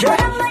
Sure.